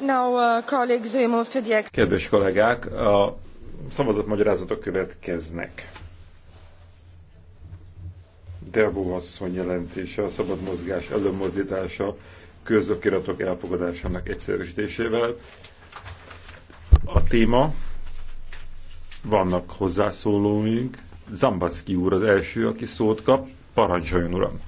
Uh, Kedves kollégák, a magyarázatok következnek. Devó asszony jelentése, a szabad mozgás előmozdítása, közökiratok elfogadásának egyszerűsítésével. A téma, vannak hozzászólóink. Zambaszki úr az első, aki szót kap. Parancsoljon, uram!